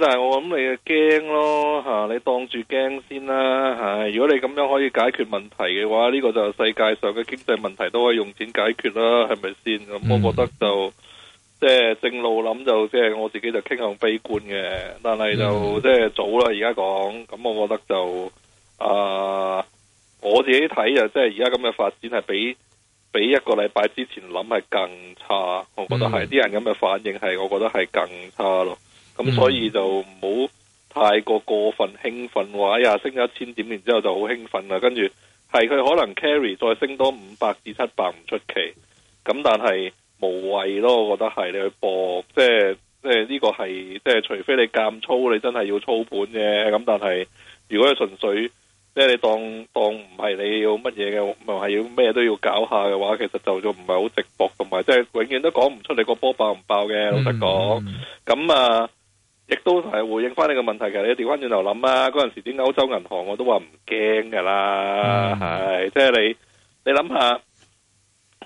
但係我諗你驚咯吓、啊，你當住驚先啦吓、啊。如果你咁樣可以解決問題嘅話，呢、這個就世界上嘅經濟問題都可以用錢解決啦，係咪先？咁、嗯嗯、我覺得就即係、就是、正路諗就即係、就是、我自己就傾向悲觀嘅。但係就、嗯、即係早啦，而家講咁，我覺得就啊，我自己睇就即係而家咁嘅發展係比比一個禮拜之前諗係更差。我覺得係啲、嗯、人咁嘅反應係，我覺得係更差咯。咁、嗯、所以就唔好太過過分興奮話哎呀升咗一千點，然之後就好興奮啦。跟住係佢可能 carry 再升多五百至七百唔出奇。咁但係無謂咯，我覺得係你去博，即係即係呢個係即係除非你監操，你真係要操盤嘅。咁但係如果係純粹即係、就是、你當當唔係你要乜嘢嘅，咪係要咩都要搞下嘅話，其實就就唔係好直搏，同埋即係永遠都講唔出你個波爆唔爆嘅。老、嗯、實講，咁、嗯、啊。都係回應翻你個問題，其實你調翻轉頭諗啊，嗰陣時點解歐洲銀行我都話唔驚噶啦，係即係你你諗下，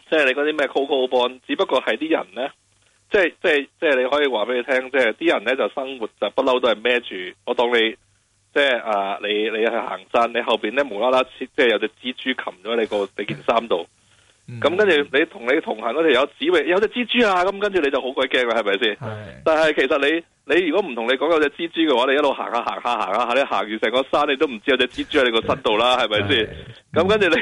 即係你嗰啲咩 CoCo bond，只不過係啲人呢，即係即係即係你可以話俾你聽，即係啲人呢就生活就不嬲都係孭住，我當你即係啊你你去行山，你後邊呢無啦啦即係有隻蜘蛛擒咗你個你件衫度。咁、嗯、跟住你同你同行嗰條友指，有隻蜘蛛啊，咁跟住你就好鬼驚嘅，係咪先？是但係其實你你如果唔同你講有隻蜘蛛嘅話，你一路行下、啊、行下、啊、行下、啊，你行完成個山你都唔知有隻蜘蛛喺你個身度啦，係咪先？咁吧、嗯、跟住你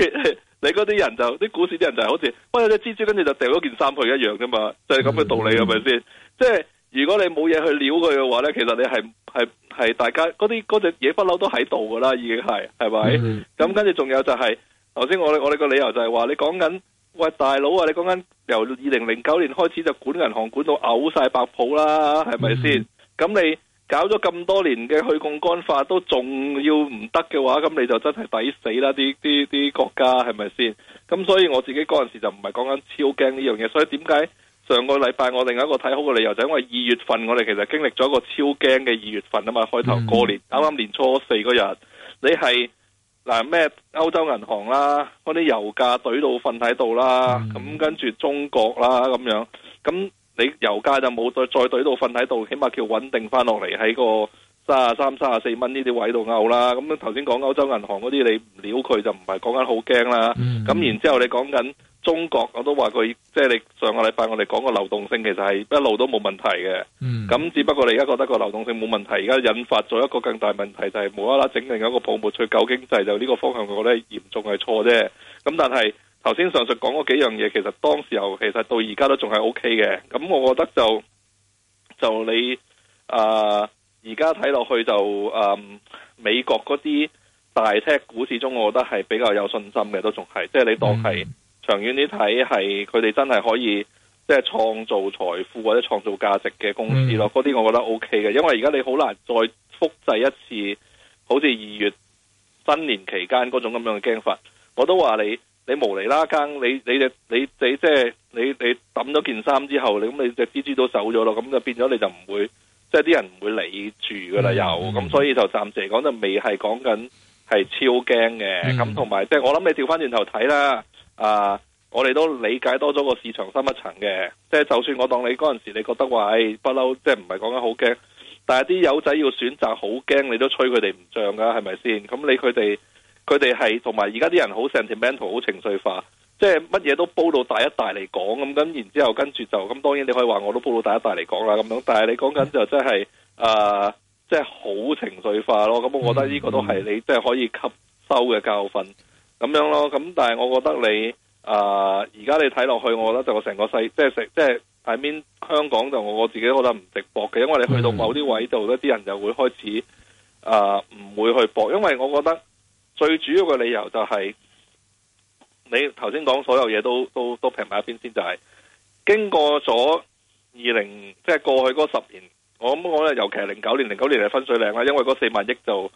你嗰啲人就啲股市啲人就係好似，喂有隻蜘蛛，跟住就掉咗件衫去一樣啫嘛，就係咁嘅道理係咪先？即係如果你冇嘢去撩佢嘅話咧，其實你係係係大家嗰啲隻嘢不嬲都喺度噶啦，已經係係咪？咁、嗯嗯、跟住仲有就係頭先我我哋個理由就係話你講緊。喂，大佬啊！你講緊由二零零九年開始就管銀行管到嘔晒白泡啦，係咪先？咁、嗯、你搞咗咁多年嘅，去槓桿化都仲要唔得嘅話，咁你就真係抵死啦！啲啲啲國家係咪先？咁所以我自己嗰陣時就唔係講緊超驚呢樣嘢，所以點解上個禮拜我另外一個睇好嘅理由就係、是、因為二月份我哋其實經歷咗一個超驚嘅二月份啊嘛，開頭過年啱啱、嗯、年初四嗰日，你係。嗱咩？歐洲銀行啦，嗰啲油價懟到瞓喺度啦，咁、嗯、跟住中國啦咁樣，咁你油價就冇再再懟到瞓喺度，起碼叫穩定翻落嚟喺個卅三、卅四蚊呢啲位度拗啦。咁頭先講歐洲銀行嗰啲，你唔撩佢就唔係講緊好驚啦。咁、嗯、然之後你講緊。中國我都話佢，即係你上個禮拜我哋講、嗯、個流動性，其實係一路都冇問題嘅。咁只不過你而家覺得個流動性冇問題，而家引發咗一個更大問題，就係、是、無啦啦整另一個泡沫去救經濟，就呢個方向我覺得嚴重係錯啫。咁但係頭先上述講嗰幾樣嘢，其實當時候其實到而家都仲係 OK 嘅。咁我覺得就就你而家睇落去就、呃、美國嗰啲大 tech 股市中，我覺得係比較有信心嘅，都仲係即係你當係。嗯長遠啲睇，係佢哋真係可以即係、就是、創造財富或者創造價值嘅公司咯。嗰啲、嗯、我覺得 O K 嘅，因為而家你好難再複製一次，好似二月新年期間嗰種咁樣嘅驚法。我都話你你無釐啦更，你你你你即係、就是、你你揼咗件衫之後，你咁你隻蜘蛛都走咗咯，咁就變咗你就唔會即係啲人唔會理住噶啦又，咁、嗯、所以就暫時嚟講就未係講緊係超驚嘅。咁同埋即係我諗你調翻轉頭睇啦。啊！我哋都理解多咗個市場深一層嘅，即係就算我當你嗰陣時，你覺得話唉不嬲，即係唔係講緊好驚，但係啲友仔要選擇好驚，你都吹佢哋唔漲噶，係咪先？咁你佢哋佢哋係同埋而家啲人好 sentimental，好情緒化，即係乜嘢都煲到大一大嚟講咁，咁然之後跟住就咁，當然你可以話我都煲到大一大嚟講啦，咁樣。但係你講緊就真係啊，即係好情緒化咯。咁我覺得呢個都係你即係可以吸收嘅教訓。咁樣咯，咁但係我覺得你啊，而家你睇落去，我覺得就成個世，即係即係喺邊香港就我我自己覺得唔值得搏嘅，因為你去到某啲位度呢啲人就會開始啊，唔會去搏，因為我覺得最主要嘅理由就係你頭先講所有嘢都都都平埋一邊先，就係經過咗二零，即係過去嗰十年，我諗我咧尤其係零九年，零九年係分水嶺啦，因為嗰四萬億就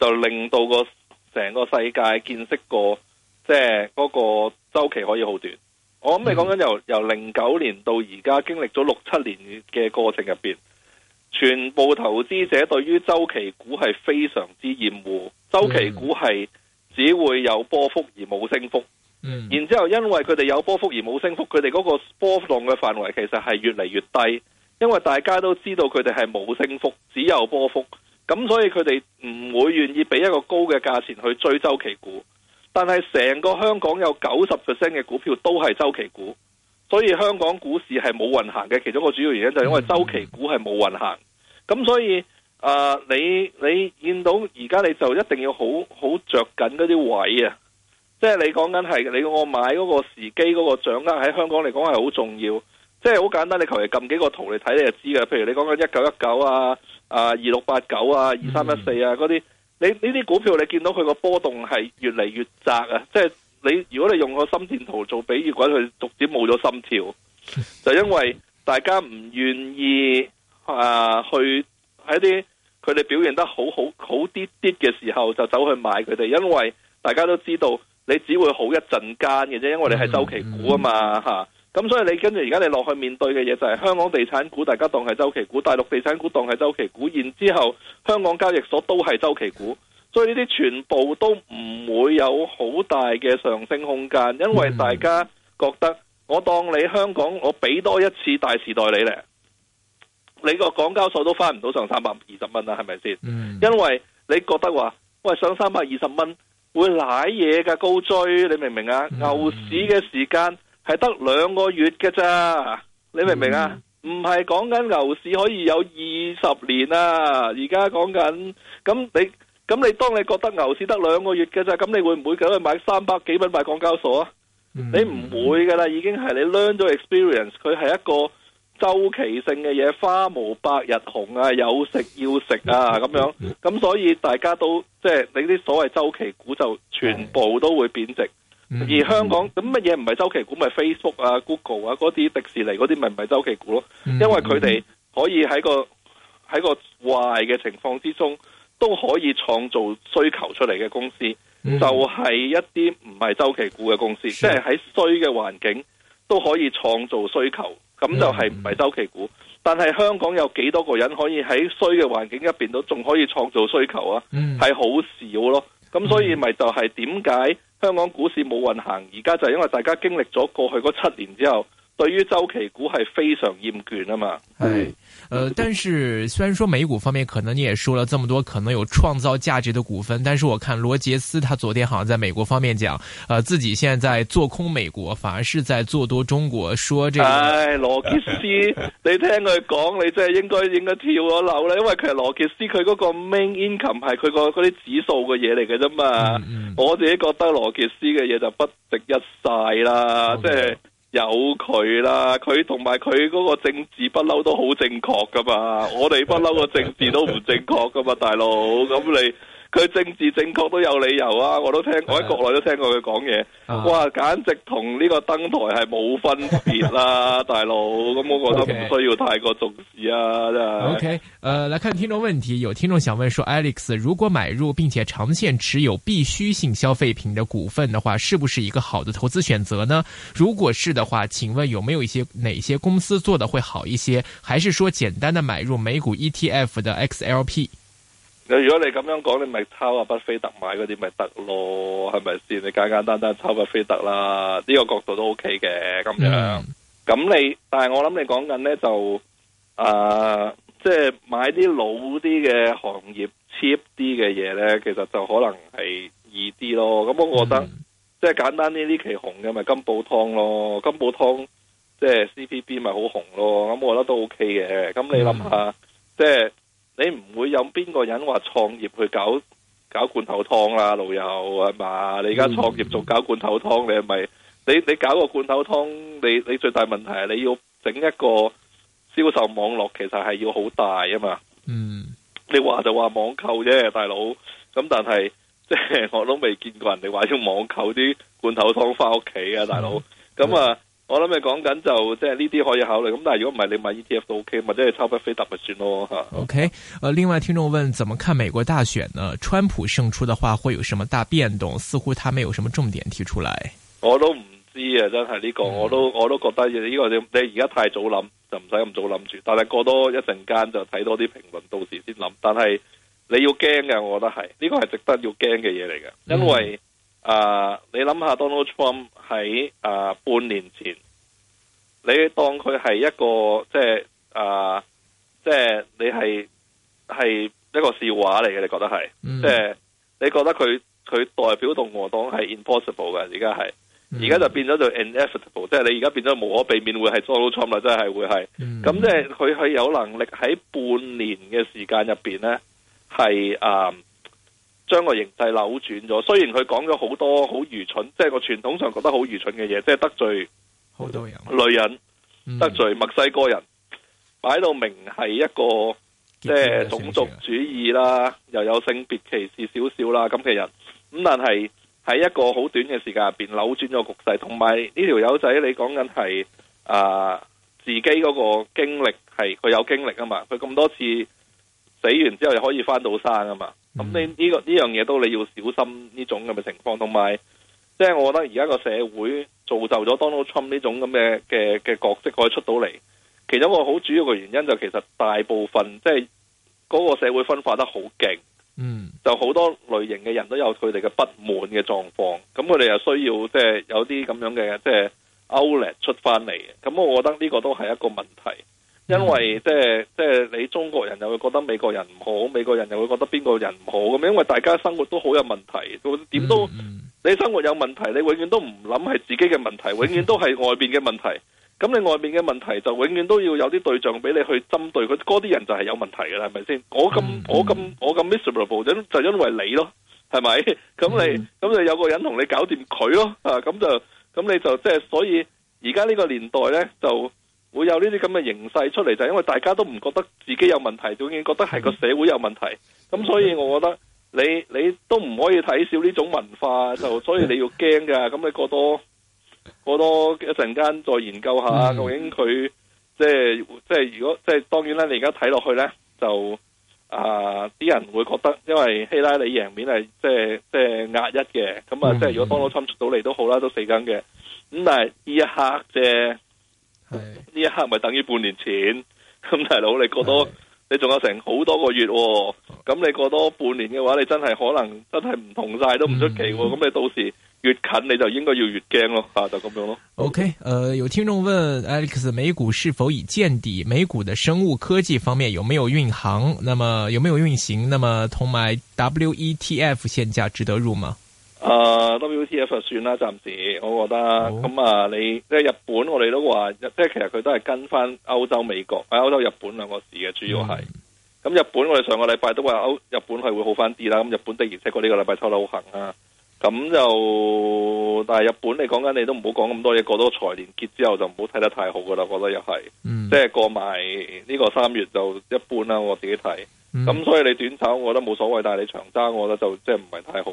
就令到個。成個世界見識過，即係嗰個周期可以好短。我諗你講緊、嗯、由由零九年到而家，經歷咗六七年嘅過程入邊，全部投資者對於周期股係非常之厭惡。周期股係只會有波幅而冇升幅。嗯、然之後因為佢哋有波幅而冇升幅，佢哋嗰個波浪嘅範圍其實係越嚟越低，因為大家都知道佢哋係冇升幅，只有波幅。咁所以佢哋唔會願意俾一個高嘅價錢去追周期股，但係成個香港有九十 percent 嘅股票都係周期股，所以香港股市係冇運行嘅。其中個主要原因就係因為周期股係冇運行。咁、嗯、所以，誒、呃，你你見到而家你就一定要好好着緊嗰啲位啊，即係你講緊係你我買嗰個時機嗰個掌握喺香港嚟講係好重要。即係好簡單，你求其撳幾個圖嚟睇，你就知㗎。譬如你講緊一九一九啊。Uh，啊，二六八九啊，二三一四啊，嗰、hmm。啲你呢啲股票，你見到佢個波動係越嚟越窄啊！即係你如果你用個心電圖做比喻嘅話，佢逐漸冇咗心跳，就因為大家唔願意啊去喺啲佢哋表現得好好好啲啲嘅時候就走去買佢哋，因為大家都知道你只會好一陣間嘅啫，因為你係周期股啊嘛，吓、mm。Hmm. 咁所以你跟住而家你落去面對嘅嘢就係香港地產股，大家當係周期股；大陸地產股當係周期股，然之後香港交易所都係周期股。所以呢啲全部都唔會有好大嘅上升空間，因為大家覺得我當你香港，我俾多一次大時代你咧，你個港交所都翻唔到上三百二十蚊啦，係咪先？因為你覺得話喂，上三百二十蚊會舐嘢㗎，高追你明唔明啊？牛市嘅時間。係得兩個月嘅咋，你明唔明啊？唔係講緊牛市可以有二十年啊！而家講緊咁你咁你當你覺得牛市得兩個月嘅咋，咁你會唔會走去買三百幾蚊買港交所啊？Mm hmm. 你唔會㗎喇，已經係你 learn 咗 experience，佢係一個周期性嘅嘢，花無百日紅啊，有食要食啊咁、mm hmm. 樣，咁所以大家都即係、就是、你啲所謂周期股就全部都會貶值。Mm hmm. 而香港咁乜嘢唔係周期股？咪、就是、Facebook 啊、Google 啊嗰啲、迪士尼嗰啲咪唔係周期股咯？因為佢哋可以喺個喺個壞嘅情況之中，都可以創造需求出嚟嘅公司，就係、是、一啲唔係周期股嘅公司，嗯、即係喺衰嘅環境都可以創造需求，咁就係唔係周期股。嗯、但係香港有幾多個人可以喺衰嘅環境入邊都仲可以創造需求啊？係好、嗯、少咯。咁所以咪就係點解香港股市冇運行？而家就係因為大家經歷咗過去嗰七年之後。對於周期股係非常厭倦啊嘛，係，呃但是雖然說美股方面可能你也說了這麼多可能有創造價值的股份，但是我看羅傑斯他昨天好像在美國方面講，呃自己現在在做空美國，反而是在做多中國，說這個。哎，羅傑斯，你聽佢講，你真係應該應該跳咗樓啦，因為其實羅傑斯，佢嗰個 main income 係佢個嗰啲指數嘅嘢嚟嘅啫嘛，嗯嗯，我自己覺得羅傑斯嘅嘢就不值一晒啦，即係。有佢啦，佢同埋佢嗰個政治不嬲都好正確噶嘛，我哋不嬲個政治都唔正確噶嘛，大佬咁你。佢政治正確都有理由啊！我都聽過我喺國內都聽過佢講嘢，uh, uh, 哇，簡直同呢個登台係冇分別啦、啊、 大佬，咁我覺得唔需要太過重視啊！真係。OK，呃來看聽眾問題，有聽眾想問說，Alex，如果買入並且長線持有必需性消費品的股份的話，是不是一個好的投資選擇呢？如果是的話，請問有沒有一些哪些公司做的會好一些，還是說簡單的買入美股 ETF 的 XLP？如果你咁樣講，你咪抄阿巴菲特買嗰啲咪得咯，係咪先？你簡簡單單抄巴菲特啦，呢個角度都 OK 嘅。咁樣，咁 Yeah. 你，但係我諗你講緊呢，就，誒、啊、即、就、係、是、買啲老啲嘅行業 cheap 啲嘅嘢呢，其實就可能係易啲咯。咁我覺得，mm. 即係簡單啲，呢期紅嘅咪金寶湯咯，金寶湯即係 CPB 咪好紅咯。咁我覺得都 OK 嘅。咁你諗下，mm. 即係。你唔會有邊個人話創業去搞搞罐頭湯啦，老友係嘛？你而家創業仲搞罐頭湯，你係咪？你你搞個罐頭湯，你你最大問題係你要整一個銷售網絡，其實係要好大啊嘛。嗯，你話就話網購啫，大佬。咁但係即係我都未見過人哋話要網購啲罐頭湯返屋企啊，大佬。咁啊。我諗你講緊就即係呢啲可以考慮，咁但係如果唔係你買 ETF 都 OK，或者係抄巴菲特咪算咯吓。OK，誒、呃，另外聽眾問，怎麼看美國大選呢？川普勝出嘅話會有什麼大變動？似乎他沒有什麼重點提出來。我都唔知啊，真係呢、這個我都我都覺得呢、這個你而家太早諗，就唔使咁早諗住。但係過多一陣間就睇多啲評論，到時先諗。但係你要驚嘅，我覺得係呢、這個係值得要驚嘅嘢嚟嘅，因為。嗯啊！你諗下 Donald Trump 喺啊半年前，你當佢係一個即係啊，即係你係係一個笑話嚟嘅，你覺得係？即係、嗯、你覺得佢佢代表共和黨係 impossible 嘅？而家係，而家、嗯、就變咗就 inevitable，即係你而家變咗無可避免會係 Donald Trump 啦，真係會係。咁即係佢係有能力喺半年嘅時間入邊咧，係啊。將個形勢扭轉咗，雖然佢講咗好多好愚蠢，即係個傳統上覺得好愚蠢嘅嘢，即係得罪好多人、女人、人啊、得罪墨西哥人，嗯、擺到明係一個即係種族主義啦，又有性別歧視少少啦咁嘅人。咁但係喺一個好短嘅時間入邊扭轉咗局勢，同埋呢條友仔，這個、你講緊係啊自己嗰個經歷係佢有經歷啊嘛，佢咁多次死完之後又可以翻到山啊嘛。咁、嗯、你呢、這個呢樣嘢都你要小心呢種咁嘅情況，同埋即係我覺得而家個社會造就咗 Donald Trump 呢種咁嘅嘅嘅角色可以出到嚟，其中一個好主要嘅原因就其實大部分即係嗰個社會分化得好勁，嗯，就好多類型嘅人都有佢哋嘅不滿嘅狀況，咁佢哋又需要即係、就是、有啲咁樣嘅即係、就是、outlet 出翻嚟嘅，咁我覺得呢個都係一個問題。因為即係即係你中國人又會覺得美國人唔好，美國人又會覺得邊個人唔好咁，因為大家生活都好有問題，點都你生活有問題，你永遠都唔諗係自己嘅問題，永遠都係外邊嘅問題。咁你外面嘅問題就永遠都要有啲對象俾你去針對佢，嗰啲人就係有問題噶啦，係咪先？我咁我咁我咁 miserable，就，就因為你咯，係咪？咁你咁就有個人同你搞掂佢咯，咁、啊、就咁你就即係、就是，所以而家呢個年代呢，就。會有呢啲咁嘅形勢出嚟，就係，因為大家都唔覺得自己有問題，已經覺得係個社會有問題。咁、嗯、所以我覺得你你都唔可以睇少呢種文化，就所以你要驚噶。咁你過多過多一陣間再研究下，嗯、究竟佢即係即係如果即係當然啦，你而家睇落去咧就啊啲、呃、人會覺得，因為希拉里贏面係即係即係壓一嘅，咁啊即係如果、嗯、特朗普出到嚟都好啦，都死梗嘅。咁但係呢一刻啫。即呢 一刻咪等於半年前，咁大佬你過多， 你仲有成好多個月、哦，咁你過多半年嘅話，你真係可能真係唔同晒都唔出奇、哦，咁、嗯、你到時越近你就應該要越驚咯，吓就咁樣咯。OK，誒、呃，有聽眾問 Alex，美股是否已見底？美股嘅生物科技方面有沒有運行？那麼有沒有運行？那麼同埋 WETF 現價值得入嗎？Uh, WTF 就算啦，暫時我覺得咁好啊，你即係日本，我哋都話，即係其實佢都係跟翻歐洲、美國喺歐洲、日本兩個市嘅主要係。咁日本我哋上個禮拜都話，歐日本係會好翻啲啦。咁日本的而且確呢個禮拜抽得好行啊。咁就但係日本你講緊，你，你都唔好講咁多嘢，過到財年結之後，就唔好睇得太好噶啦。我覺得又係，即係、嗯、過埋呢個三月就一般啦。我自己睇。咁、嗯、所以你短炒，我覺得冇所謂。但係你長揸，我覺得就即係唔係太好。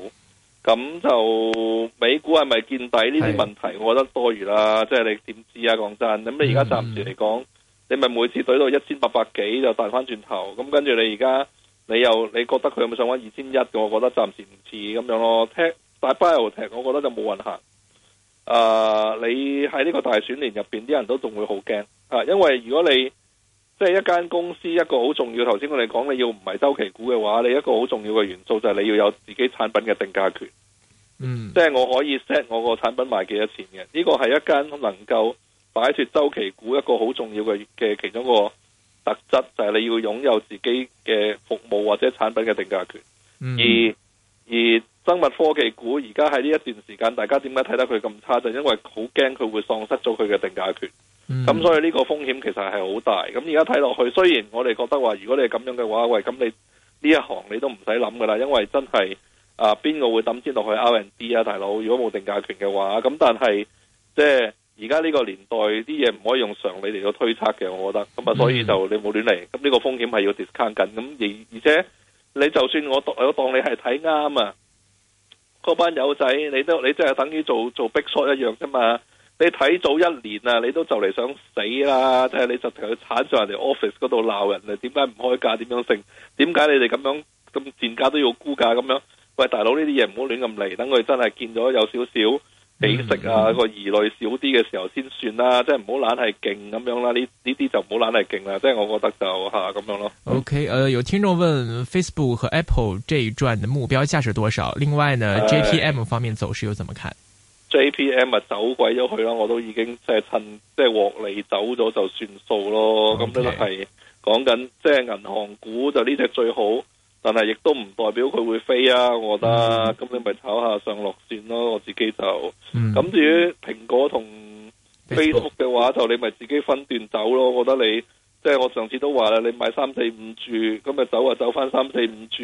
咁就美股係咪見底呢啲問題，我覺得多餘啦。的即係你點知啊？講真，咁你而家暫時嚟講，嗯嗯你咪每次懟到一千八百幾就大翻轉頭。咁跟住你而家，你又你覺得佢有冇上返二千一？我覺得暫時唔似咁樣咯。聽大波又聽，我覺得就冇運行。誒、呃，你喺呢個大選年入邊，啲人都仲會好驚啊！因為如果你即係一間公司一個好重要，頭先我哋講你要唔係周期股嘅話，你一個好重要嘅元素就係你要有自己產品嘅定價權。即係、mm hmm. 我可以 set 我個產品賣幾多錢嘅。呢個係一間能夠擺脫周期股一個好重要嘅嘅其中一個特質，就係、是、你要擁有自己嘅服務或者產品嘅定價權。Mm hmm. 而而生物科技股而家喺呢一段時間，大家點解睇得佢咁差？就是、因為好驚佢會喪失咗佢嘅定價權。咁、嗯、所以呢個風險其實係好大，咁而家睇落去，雖然我哋覺得話，如果你咁樣嘅話，喂，咁你呢一行你都唔使諗噶啦，因為真係啊，邊個會抌錢落去 R&D 啊，大佬？如果冇定價權嘅話，咁但係即係而家呢個年代啲嘢唔可以用常理嚟去推測嘅，我覺得咁啊，所以就你冇亂嚟，咁呢個風險係要 discount 緊，咁而而且你就算我當我當你係睇啱啊，班友仔，你都你即係等於做做逼 short 一樣啫嘛。你睇早一年啊，你都就嚟想死啦！即係你就同佢鏟上人哋 office 嗰度鬧人啊，點解唔開價？點樣升？點解你哋咁樣咁賤價都要估價咁樣？喂，大佬呢啲嘢，唔好亂咁嚟，等佢真係見咗有少少起色啊，個疑慮少啲嘅時候先算啦！嗯嗯、即係唔好懶係勁咁樣啦，呢呢啲就唔好懶係勁啦！即係我覺得就吓咁、啊、樣咯。OK，誒、呃，有聽眾問 Facebook 和 Apple 這一轉的目標價是多少？另外呢，JPM 唉方面走勢又怎麼看？JPM 咪走鬼咗佢咯，我都已經即係趁即係獲利走咗就算數咯。咁呢個係講緊即係銀行股就呢隻最好，但係亦都唔代表佢會飛啊。我覺得咁你咪炒下上落線咯。我自己就咁、mm. 至於蘋果同 Facebook 嘅話，就你咪自己分段走咯。我覺得你即係我上次都話啦，你買三四五注，咁咪走啊走翻三四五注，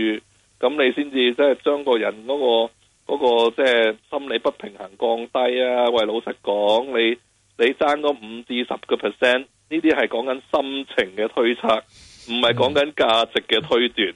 咁你先至即係將個人嗰、個。嗰、那個即係、就是、心理不平衡降低啊！喂，老實講，你你爭嗰五至十個 percent，呢啲係講緊心情嘅推測，唔係講緊價值嘅推斷。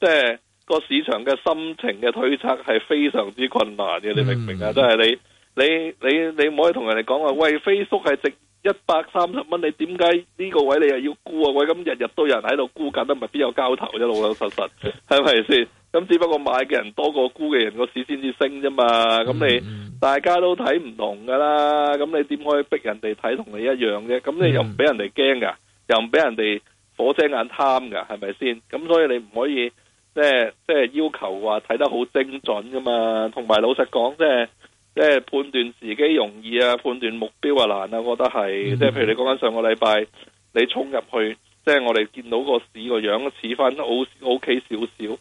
即係、嗯就是個市場嘅心情嘅推測係非常之困難嘅，你明唔明啊？即係、嗯、你你你你唔可以同人哋講話，喂，Facebook 係值一百三十蚊，你點解呢個位你又要沽啊？喂，咁日日都有人喺度沽緊，咁咪邊有交投啫？老老實實係咪先？嗯是咁只不過買嘅人多過沽嘅人，個市先至升啫嘛。咁你大家都睇唔同噶啦。咁你點可以逼人哋睇同你一樣啫？咁你又唔俾人哋驚噶，又唔俾人哋火遮眼貪噶，係咪先？咁所以你唔可以即係即係要求話睇得好精準噶嘛。同埋老實講，即係即係判斷自己容易啊，判斷目標啊難啊，我覺得係。即係譬如你講緊上個禮拜，你衝入去，即係我哋見到個市個樣似翻都 OK 少少。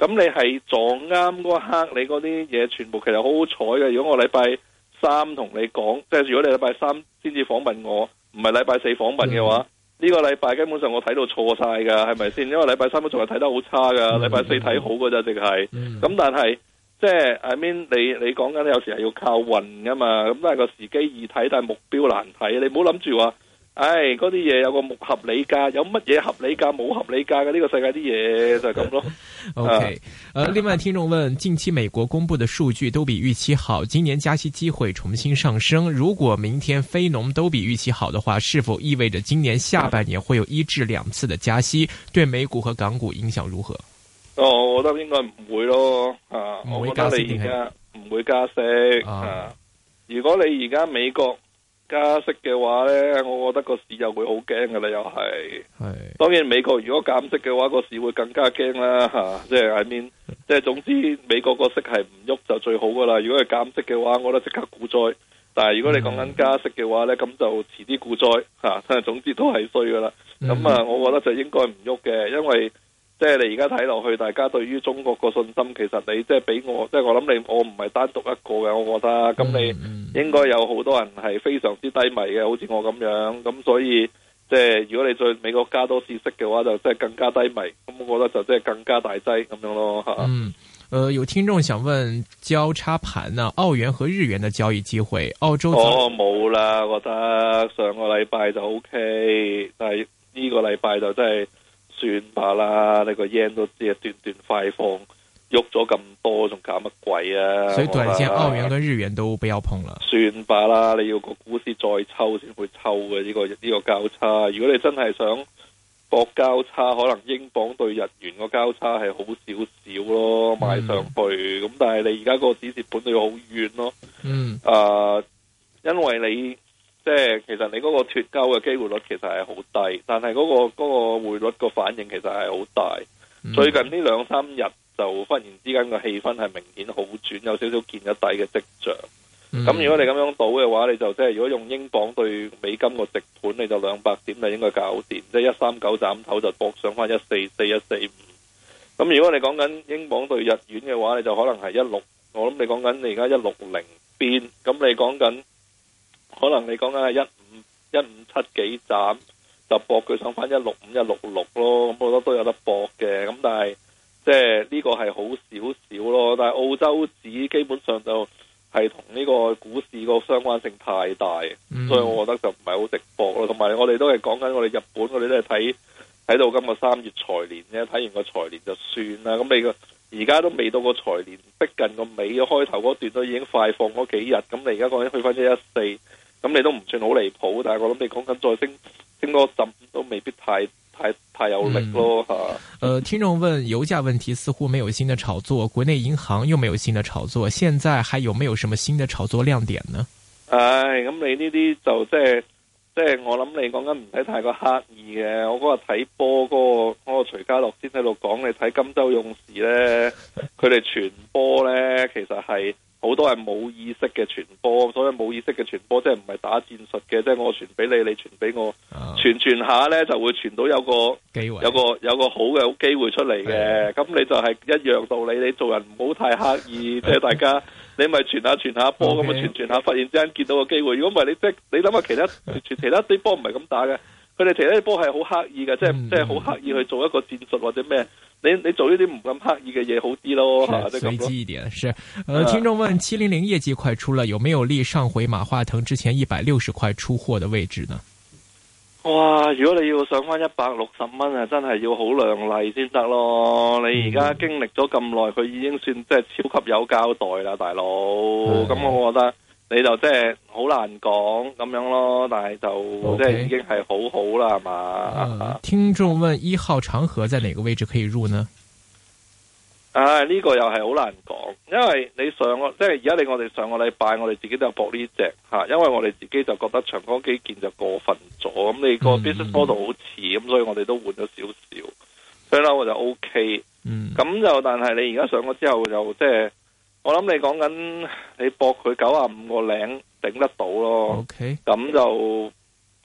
咁你係撞啱嗰刻，你嗰啲嘢全部其實好好彩嘅。如果我禮拜三同你講，即係如果你禮拜三先至訪問我，唔係禮拜四訪問嘅話，呢、mm hmm. 個禮拜基本上我睇到錯晒噶，係咪先？因為禮拜三都仲係睇得好差噶，mm hmm. 禮拜四睇好噶咋，淨係。咁、mm hmm. 但係即係 I mean，你你講緊有時係要靠運噶嘛，咁都係個時機易睇，但係目標難睇。你唔好諗住話。係嗰啲嘢有個冇合理價，有乜嘢合理價？冇合理價嘅呢個世界啲嘢就係咁咯。 OK，啊，另外聽眾問：近期美國公布的數據都比預期好，今年加息機會重新上升。如果明天非農都比預期好的話，是否意味着今年下半年會有一至兩次的加息？對美股和港股影響如何？哦，我覺得應該唔會咯。啊，唔會加息，唔會加息。啊，如果你而家美國。加息嘅話呢，我覺得個市又會好驚噶啦，又係。係是。當然美國如果減息嘅話，個市會更加驚啦，嚇、啊！即係喺面，I mean, 即係總之美國個息係唔喐就最好噶啦。如果係減息嘅話，我覺得即刻股災。但係如果你講緊、嗯、加息嘅話呢，咁就遲啲股災嚇。總之都係衰噶啦。咁、嗯嗯、啊，我覺得就應該唔喐嘅，因為。即係你而家睇落去，大家對於中國個信心，其實你即係俾我，即、就、係、是、我諗你，我唔係單獨一個嘅，我覺得咁，嗯、那你應該有好多人係非常之低迷嘅，好似我咁樣。咁所以，即、就、係、是、如果你在美國加多知識嘅話，就即係更加低迷。咁我覺得就即係更加大劑咁樣咯。嗯，誒、呃，有聽眾想問交叉盤呢？澳元和日元嘅交易機會，澳洲冇啦，哦、沒有了，我覺得上個禮拜就 OK，但係呢個禮拜就真係。算吧啦，你、這個 yen 都知係斷斷快放，喐咗咁多，仲搞乜鬼啊！所以短期澳元跟日元都不要碰啦。算吧啦，你要個股市再抽先會抽嘅呢、這個呢、這個交叉。如果你真係想搏交叉，可能英鎊對日元個交叉係好少少咯，買上去。咁、嗯、但係你而家個指示盤對好遠咯。嗯，啊、呃，因為你。即係其實你嗰個脫鈎嘅機會率其實係好低，但係嗰、嗰個嗰、嗰個匯率個反應其實係好大。嗯、最近呢兩三日就忽然之間個氣氛係明顯好轉，有少少見底嘅跡象。咁、嗯、如果你咁樣倒嘅話，你就即、就、係、係、如果用英鎊對美金個直盤，你就兩百點就應該搞掂，即係一三九斬頭就搏上翻一四四一四五。咁如果你講緊英鎊對日元嘅話，你就可能係一六，我諗你講緊你而家一六零邊，咁你講緊。可能你講緊係一五一五七幾站，就搏佢上翻一六五一六六咯，咁、嗯、我覺得都有得搏嘅。咁但係即係呢個係好少少咯。但係澳洲指基本上就係同呢個股市個相關性太大，所以我覺得就唔係好值搏咯。同埋我哋都係講緊我哋日本，我哋都係睇睇到今日三月財年啫，睇完個財年就算啦。咁你個而家都未到個財年，逼近個尾開頭嗰段都已經快放嗰幾日，咁、嗯、你而家講緊去翻一一四。咁你都唔算好離譜，但係我諗你講緊再升升多一陣都未必太太太有力咯吓。誒、嗯呃，聽眾問 油價問題似乎沒有新的炒作，國內銀行又沒有新的炒作，現在還有沒有什麼新的炒作亮點呢？唉、哎，咁你呢啲就即係即係我諗你講緊唔使太過刻意嘅。我嗰日睇波嗰個嗰個徐家樂先喺度講，你睇金州勇士咧，佢哋傳波咧，其實係。好多係冇意識嘅傳波，所以冇意識嘅傳波，即係唔係打戰術嘅，即係我傳俾你，你傳俾我，啊、傳傳下呢就會傳到有個機會，有個有個好嘅好機會出嚟嘅。咁的你就係一樣道理，你做人唔好太刻意，即係的大家的你咪傳下傳下波咁啊，傳傳下，忽然之間見到個機會。如果唔係你即係你諗下其他 其他啲波唔係咁打嘅，佢哋其他啲波係好刻意嘅，即係即係好刻意去做一個戰術或者咩。你你做呢啲唔咁刻意嘅嘢好啲咯，隨機是一點。是，呃，聽眾問七零零業績快出了，有沒有力上回馬化騰之前一百六十塊出貨嘅位置呢？哇！如果你要上翻一百六十蚊啊，真係要好亮麗先得咯。你而家經歷咗咁耐，佢、嗯、已經算即係超級有交代啦，大佬。咁是我覺得。你就即係好難講咁樣咯，但係就即係已經係好好啦，係嘛？Okay。啊，聽眾問：一號長和在哪個位置可以入呢？啊，呢、呢個又係好難講，因為你上個即係而家你我哋上個禮拜我哋自己都有博呢隻吓，因為我哋自己就覺得長江基建就過分咗，咁、嗯、你個 business model 好淺，咁、嗯、所以我哋都換咗少少，嗯、所以咧我就 OK，嗯，咁就但係你而家上咗之後就即係。我諗你講緊你博佢九啊五個零頂得到咯，咁 Okay, 就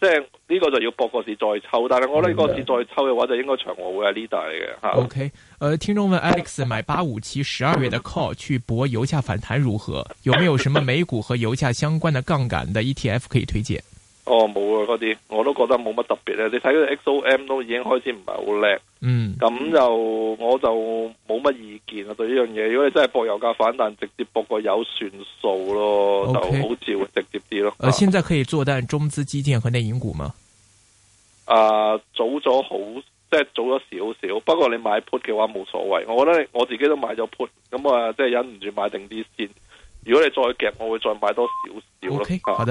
即係呢個就要博個時再抽，但係我呢個時再抽嘅話就應該長和會喺呢度嚟嘅。OK，誒、呃，聽眾問 Alex 買八五七十二月嘅 call 去博油價反彈如何？有沒有什麼美股和油價相關嘅槓杆的,的 ETF 可以推薦？哦，冇啊，嗰啲我都覺得冇乜特別咧。你睇嗰個 XOM 都已經開始唔係好叻，嗯，咁就、嗯、我就冇乜意見啊。對呢樣嘢，如果你真係博油價反彈，直接博個油算數咯，okay, 就好似會直接啲咯。誒、呃，啊、現在可以做但中資基建和內銀股嗎？啊，早咗好，即係早咗少少。不過你買 put 嘅話冇所謂，我覺得我自己都買咗 put，咁、嗯、啊，即係忍唔住買定啲先。如果你再夾，我會再買多少少 Okay,